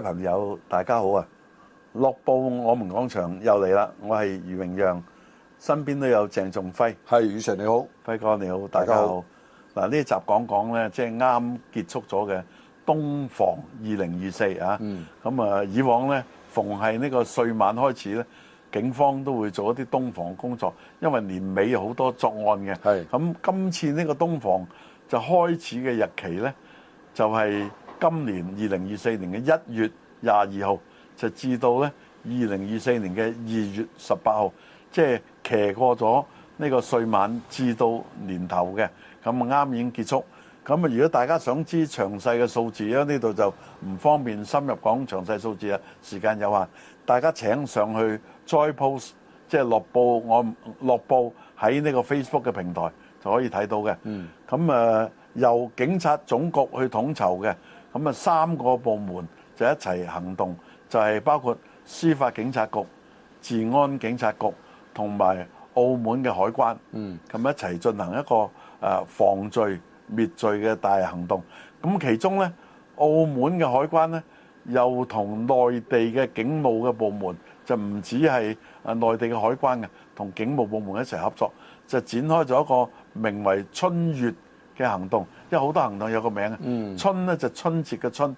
各位朋友，大家好啊！《樂報》我們講場又嚟啦，我係余榮讓，身邊都有鄭仲輝。係，余 sir 你好，輝哥你好，大家好。嗱呢集講講咧，即係啱結束咗嘅冬防二零二四啊。咁啊，以往咧，逢係呢個歲晚開始咧，警方都會做一啲冬防工作，因為年尾好多作案嘅。係咁，今次呢個冬防就開始嘅日期咧，就係。今年二零二四年嘅一月廿二號，就至到呢二零二四年嘅二月十八號，即係騎過咗呢個歲晚至到年頭嘅。咁啊，啱啱已經結束。咁啊，如果大家想知詳細嘅數字，因為呢度就唔方便深入講詳細數字啊，時間有限，大家請上去再 post，即係樂報我樂報喺呢個 Facebook 嘅平台就可以睇到嘅。嗯，咁啊，由警察總局去統籌嘅，咁啊，三個部門就一齊行動，就係包括司法警察局、治安警察局同埋澳門嘅海關，嗯，咁一齊進行一個誒防罪滅罪嘅大行動。咁其中呢，澳門嘅海關呢又同內地嘅警務嘅部門就唔止係啊內地嘅海關嘅，同警務部門一齊合作，就展開咗一個名為春月嘅行動，因為好多行動有個名啊。春咧就係春節嘅春，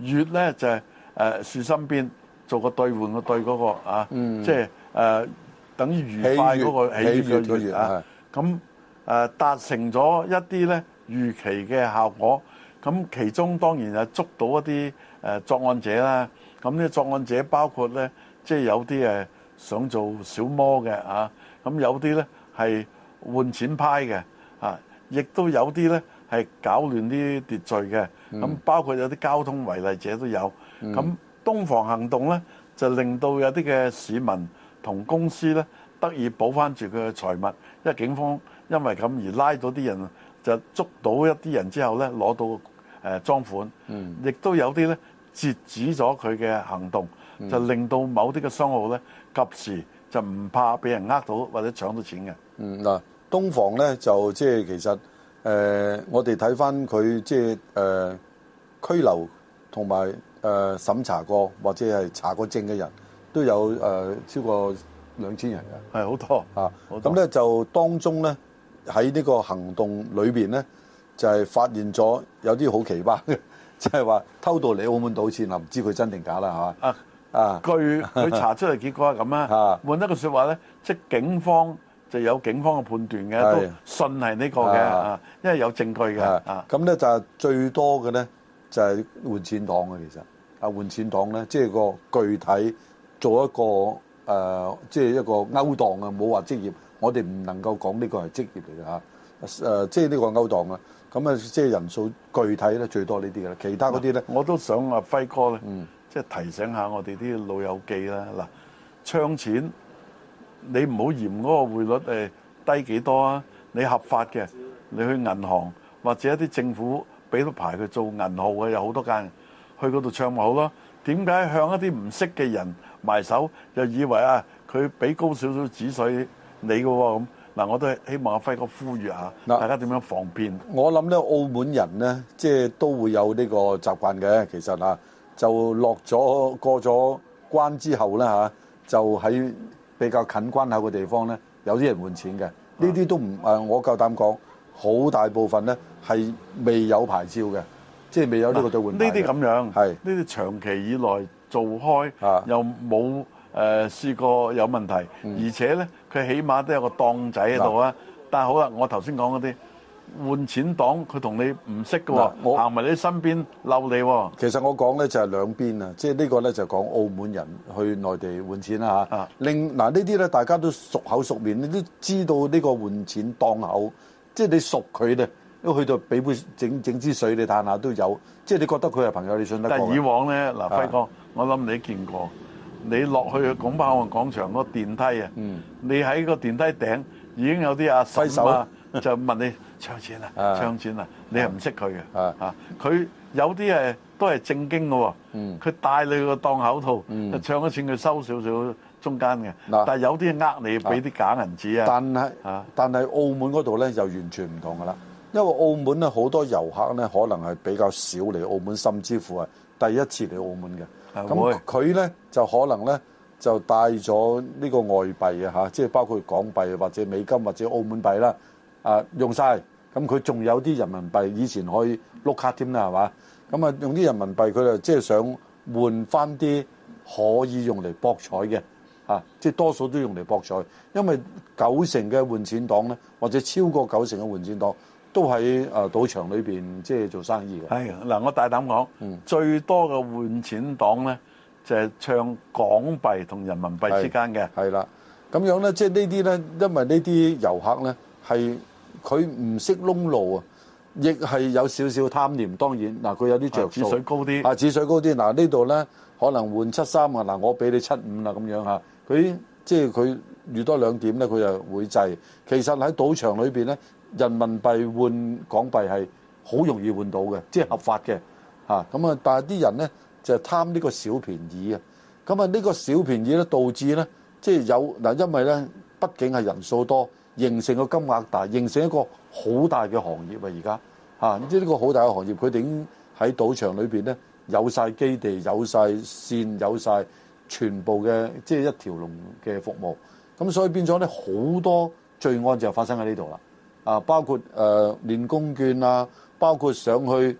月咧就係誒樹身邊做個兌換嘅對嗰個啊，即係誒等於愉快嗰個喜悅嘅月啊。咁誒達成咗一啲咧預期嘅效果。咁其中當然係捉到一啲誒作案者啦。咁咧作案者包括咧，即係有啲誒想做小魔嘅啊。咁有啲咧係換錢派嘅。亦都有啲呢係搞亂啲秩序嘅，咁、嗯、包括有啲交通違例者都有。咁、嗯、東防行動呢，就令到有啲嘅市民同公司呢得以補翻住佢嘅財物，因為警方因為咁而拉到啲人，就捉到一啲人之後呢攞到誒贓款，亦、嗯、都有啲呢截止咗佢嘅行動，就令到某啲嘅商戶呢及時就唔怕俾人呃到或者搶到錢嘅。嗯嗱。冬防咧就即係其實誒、呃，我哋睇翻佢即係誒拘留同埋誒審查過或者係查過證嘅人，都有誒、呃、超過兩千人嘅，係好多吓，咁、啊、咧、嗯、就當中咧喺呢個行動裏邊咧，就係、是、發現咗有啲好奇葩嘅，即係話偷渡嚟澳門賭錢啊，唔知佢真定假啦吓啊啊，據佢查出嚟結果係咁啦，換一個說話咧，即係警方，有警方嘅判斷嘅，都信係呢個嘅，因為有證據嘅。咁咧就係最多嘅咧，就係換錢黨嘅其實。啊，換錢黨咧，即係個具體做一個誒，即係一個勾當啊！冇話職業，我哋唔能夠講呢個係職業嚟嘅嚇。誒，即係呢個勾當啦。咁啊，即係人數具體咧，最多呢啲嘅啦。其他嗰啲咧，我都想阿輝哥咧，嗯，即係提醒下我哋啲老友記啦。嗱，槍錢。你唔好嫌嗰個匯率誒低幾多啊！你合法嘅，你去銀行或者一啲政府俾到牌佢做銀號嘅有好多間，去嗰度唱咪好咯。點解向一啲唔識嘅人埋手，又以為啊佢俾高少少紙水你嘅喎咁？嗱，我都係希望阿輝哥呼籲下，大家點樣防騙？我諗咧，澳門人咧，即係都會有呢個習慣嘅。其實啊，就落咗過咗關之後咧嚇，就喺。比較近關口嘅地方咧，有啲人換錢嘅，呢啲都唔誒，我夠膽講，好大部分咧係未有牌照嘅，即係未有呢個對換牌。呢啲咁樣，係呢啲長期以來做開，又冇誒、呃、試過有問題，嗯、而且咧佢起碼都有個檔仔喺度啊。是但係好啦，我頭先講嗰啲換錢檔，佢同你唔識嘅，行、啊、埋你身邊嬲你。其實我講咧就係兩邊啊，即係呢個咧就講澳門人去內地換錢啦吓。令嗱呢啲咧大家都熟口熟面，你都知道呢個換錢檔口，即、就、係、是、你熟佢哋，因為去到俾杯整整支水你嘆下都有。即、就、係、是、你覺得佢係朋友，你信得過。但以往咧，嗱輝哥，啊、我諗你見過，你落去拱北廣場嗰、嗯、個電梯啊，你喺個電梯頂已經有啲啊阿叔啊，就問你。唱錢啊，唱錢啊！你係唔識佢嘅啊，佢、啊啊、有啲誒都係正經嘅喎，佢、啊、帶你個檔口套，啊、唱咗錢佢收少少中間嘅。但係有啲呃你俾啲假銀紙啊。但係啊，啊，但係、啊、澳門嗰度咧就完全唔同嘅啦，因為澳門咧好多遊客咧可能係比較少嚟澳門，甚至乎係第一次嚟澳門嘅。咁佢咧就可能咧就帶咗呢個外幣啊，嚇，即係包括港幣或者美金或者澳門幣啦。啊，用晒，咁佢仲有啲人民幣，以前可以碌卡添啦，係嘛？咁啊，用啲人民幣佢就即係想換翻啲可以用嚟博彩嘅，啊，即係多數都用嚟博彩，因為九成嘅換錢黨咧，或者超過九成嘅換錢黨都喺啊賭場裏面，即係做生意嘅。係嗱，我大膽講、嗯，最多嘅換錢黨咧就係唱港幣同人民幣之間嘅。係啦，咁樣咧，即係呢啲咧，因為呢啲遊客咧係。佢唔識窿路啊，亦係有少少貪念。當然嗱、啊，佢有啲著水高啲。啊，賬水高啲。嗱，呢度呢可能換七三啊，嗱我俾你七五啊。咁樣嚇。佢即係佢預多兩點呢，佢就會制。其實喺賭場裏面呢，人民幣換港幣係好容易換到嘅，即係合法嘅嚇。咁啊，但係啲人呢，就係貪呢個小便宜啊。咁啊，呢個小便宜呢，導致呢，即係有嗱，因為呢，畢竟係人數多。形成個金額大，形成一個好大嘅行業啊！而家嚇，你知呢個好大嘅行業，佢哋已經喺賭場裏邊咧有晒基地、有晒線、有晒全部嘅即係一條龍嘅服務。咁、啊、所以變咗咧，好多罪案就發生喺呢度啦。啊，包括誒、呃、練功券啊，包括上去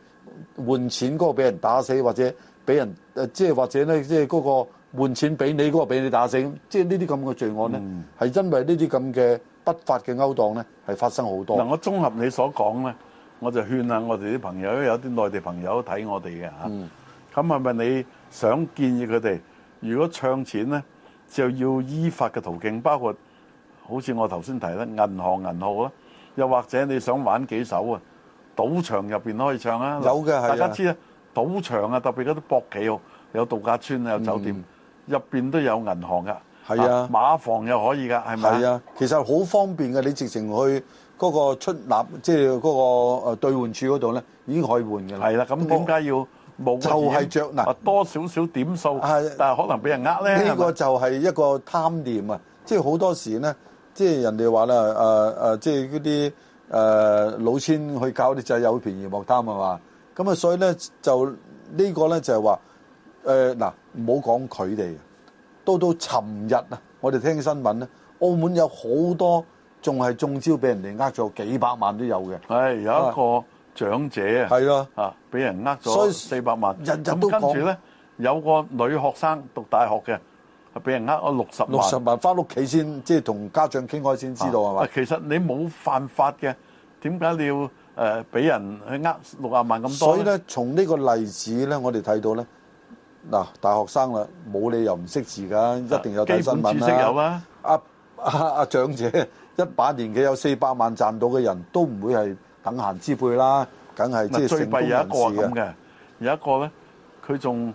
換錢嗰個俾人打死，或者俾人誒、啊、即係或者咧即係嗰個換錢俾你嗰個俾你打死。即係呢啲咁嘅罪案咧，係、嗯、因為呢啲咁嘅。不法嘅勾當呢係發生好多。嗱，我綜合你所講呢，我就勸下我哋啲朋友，有啲內地朋友睇我哋嘅吓。咁係咪你想建議佢哋，如果唱錢呢，就要依法嘅途徑，包括好似我頭先提咧，銀行銀號啦，又或者你想玩幾首啊，賭場入邊可以唱啊。有嘅，大家知啊，賭場啊，特別嗰啲博企有度假村啊，有酒店，入、嗯、面都有銀行噶。係啊，啊，馬房又可以噶，係咪？係啊，其實好方便嘅，你直情去嗰個出納，即係嗰個兌換處嗰度咧，已經可以換嘅啦。係啦、啊，咁點解要冇？就係着嗱多少少點數，啊、但係可能俾人呃咧。呢、呢個就係一個貪念是是、就是呃、啊！即係好多時咧，即係人哋話啦，誒即係嗰啲誒老千去搞啲係有便宜莫貪啊嘛。咁啊，所以咧就呢、呢個咧就係話誒嗱，唔好講佢哋。到到尋日啊！我哋聽新聞咧，澳門有好多仲係中招被，俾人哋呃咗幾百萬都有嘅。係有一個長者啊，係咯，啊俾人呃咗四百萬。人人都講。跟住咧，有個女學生讀大學嘅，係俾人呃咗六十萬。六十萬，翻屋企先，即係同家長傾開先知道係嘛？其實你冇犯法嘅，點解你要誒俾人去呃六十萬咁多呢？所以咧，從呢個例子咧，我哋睇到咧。嗱，大學生啦，冇理由唔識字㗎，一定有啲新聞、啊、基本知識有啊。阿阿阿長者一把年紀，有四百萬賺到嘅人都唔會係等閒之輩啦，梗係即係成功人士嘅。有一個咧，佢仲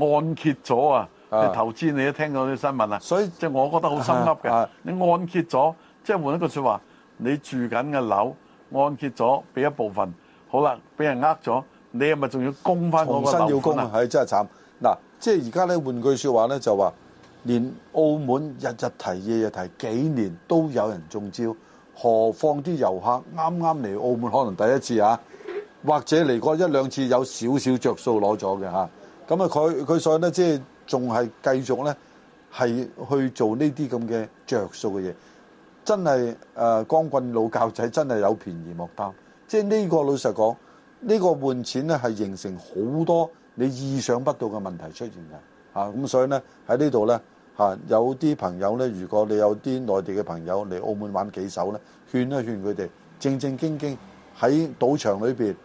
按揭咗啊！你投資你都聽到啲新聞啊。所以即係、就是、我覺得好深刻嘅。你按揭咗，即、就、係、是、換一句説話，你住緊嘅樓按揭咗，俾一部分，好啦，俾人呃咗，你係咪仲要供翻嗰個樓款啊？係真係慘。即係而家咧，換句說話咧，就話連澳門日日提、夜夜提幾年都有人中招，何況啲遊客啱啱嚟澳門可能第一次啊，或者嚟過一兩次有少少着數攞咗嘅吓，咁啊佢佢所以咧即係仲係繼續咧係去做呢啲咁嘅着數嘅嘢，真係誒光棍老教仔，真係有便宜莫貪。即係呢個老實講，呢個換錢咧係形成好多。你意想不到嘅問題出現嘅嚇，咁所以呢，喺呢度呢，有啲朋友呢，如果你有啲內地嘅朋友嚟澳門玩幾手呢，勸一勸佢哋正正經經喺賭場裏面，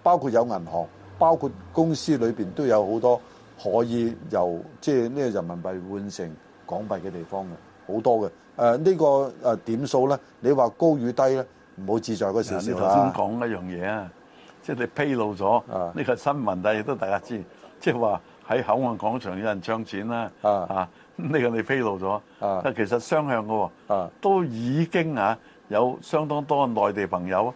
包括有銀行，包括公司裏面都有好多可以由即係咩人民幣換成港幣嘅地方嘅，好多嘅。誒、呃、呢、呢個誒點數呢，你話高與低呢，唔好自在嗰少。你頭先講一樣嘢啊！即哋披露咗呢個新聞，但亦都大家知，即係話喺口岸廣場有人唱錢啦啊呢、啊呢個你披露咗、啊，但其實雙向嘅喎，都已經啊有相當多嘅內地朋友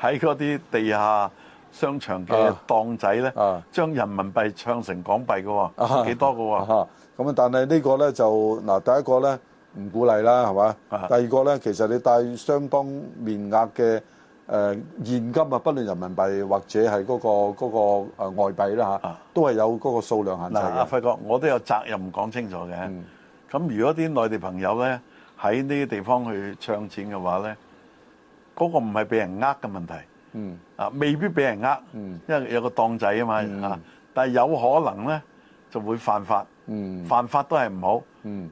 喺嗰啲地下商場嘅檔仔咧、啊，將人民幣唱成港幣嘅喎，幾、啊、多㗎喎、啊，咁啊，但係呢個咧就嗱第一個咧唔鼓勵啦，係嘛、啊？第二個咧，其實你帶相當面額嘅。誒現金啊，不論人民幣或者係嗰個嗰個誒外幣啦嚇，都係有嗰個數量限制嘅。嗱阿輝哥，我都有責任講清楚嘅。咁如果啲內地朋友咧喺呢啲地方去唱錢嘅話咧，嗰個唔係俾人呃嘅問題，啊未必俾人呃，因為有個檔仔啊嘛嚇。但係有可能咧就會犯法，犯法都係唔好。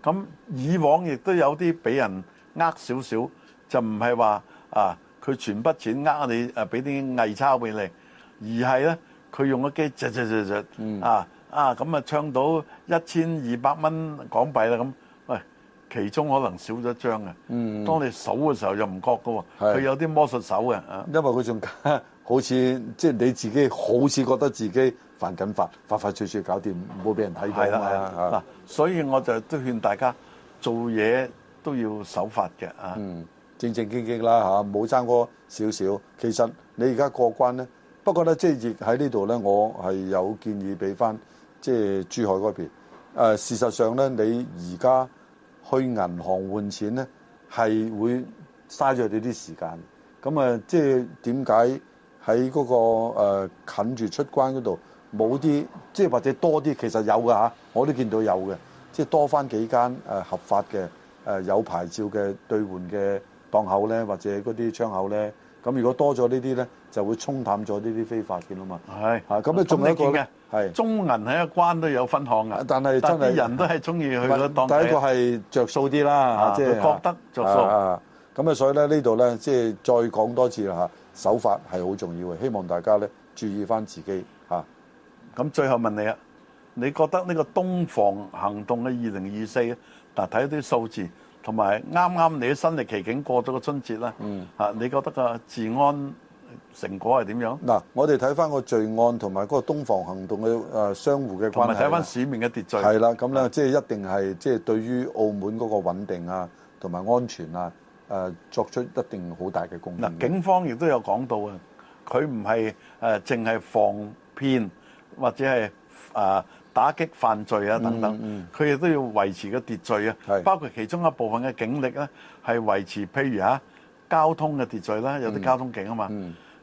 咁以往亦都有啲俾人呃少少，就唔係話啊。佢存筆錢呃你哋，誒俾啲偽鈔俾你，而係咧佢用咗機咳咳咳咳，啫啫啫啫，啊啊咁啊，就唱到一千二百蚊港幣啦，咁喂、哎，其中可能少咗一張嘅、嗯，當你數嘅時候又唔覺嘅喎，佢有啲魔術手嘅啊，因為佢仲好似即係你自己，好似覺得自己犯緊法，快快脆脆搞掂，唔好俾人睇到啊。嗱，所以我就都勸大家做嘢都要守法嘅啊。嗯正正經經啦，冇爭過少少。其實你而家過關咧，不過咧即係喺呢度咧、就是，我係有建議俾翻即係珠海嗰邊、呃。事實上咧，你而家去銀行換錢咧，係會嘥咗你啲時間。咁啊、那個，即係點解喺嗰個近住出關嗰度冇啲，即係或者多啲，其實有噶我都見到有嘅，即、就、係、是、多翻幾間合法嘅誒有牌照嘅兌換嘅。檔口咧，或者嗰啲窗口咧，咁如果多咗呢啲咧，就會沖淡咗呢啲非法嘅啊嘛。係啊，咁啊，仲有一個係中銀喺一關都有分行嘅。但係真係人都係中意去嗰檔。第一個係着數啲啦，即、啊、係、就是、覺得著數。咁啊，所以咧呢度咧，即係、就是、再講多次啦嚇，守法係好重要嘅，希望大家咧注意翻自己嚇。咁、啊、最後問你啊，你覺得呢個冬防行動嘅二零二四啊？嗱，睇啲數字。同埋啱啱你身歷其境，過咗個春節啦。嗯。嚇，你覺得個治安成果係點樣？嗱，我哋睇翻個罪案同埋嗰個冬防行動嘅誒相互嘅關係。同埋睇翻市面嘅秩序。係啦，咁咧即係一定係即係對於澳門嗰個穩定啊，同埋安全啊，誒作出一定好大嘅貢獻。嗱，警方亦都有講到啊，佢唔係誒淨係防騙或者係啊。打擊犯罪啊等等，佢亦都要維持個秩序啊。包括其中一部分嘅警力咧，係維持譬如嚇交通嘅秩序啦，有啲交通警啊嘛。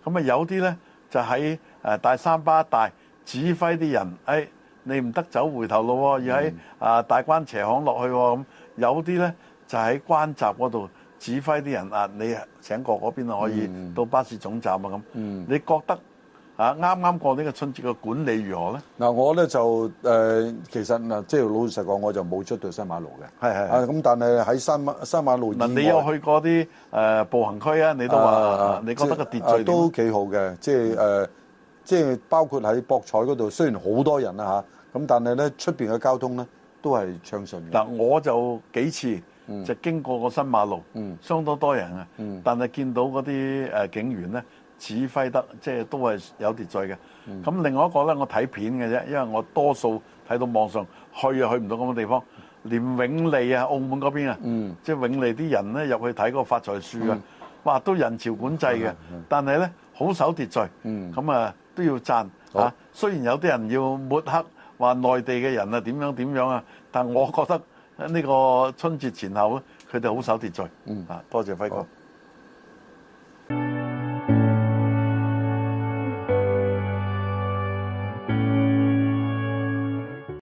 咁啊有啲咧就喺誒大三巴一帶指揮啲人，誒你唔得走回頭路，要喺啊大關斜巷落去喎咁。有啲咧就喺關閘嗰度指揮啲人啊，你請過嗰邊可以到巴士總站啊咁。你覺得？啊！啱啱過呢個春節嘅管理如何咧？嗱，我咧就、呃、其實嗱，即係老實講，我就冇出到新馬路嘅。係係。啊，咁但係喺新新馬路以外，嗱，你有去過啲誒步行區啊？你都話、啊，你覺得個秩序都幾好嘅，即係即係包括喺博彩嗰度，雖然好多人啦吓，咁、啊、但係咧出面嘅交通咧都係暢順嘅。嗱，我就幾次就經過過個新馬路，嗯，相當多人啊，嗯，但係見到嗰啲、呃、警員咧。指揮得即係都係有秩序嘅。咁、嗯、另外一個呢，我睇片嘅啫，因為我多數睇到網上去又、啊、去唔到咁嘅地方，連永利啊、澳門嗰邊啊，嗯、即係永利啲人呢，入去睇嗰個發財樹啊、嗯，哇都人潮管制嘅、嗯嗯，但係呢，好守秩序。咁、嗯、啊都要讚吓、啊。雖然有啲人要抹黑話內地嘅人啊點樣點樣啊，但係我覺得呢個春節前後咧，佢哋好守秩序、嗯。啊，多謝輝哥。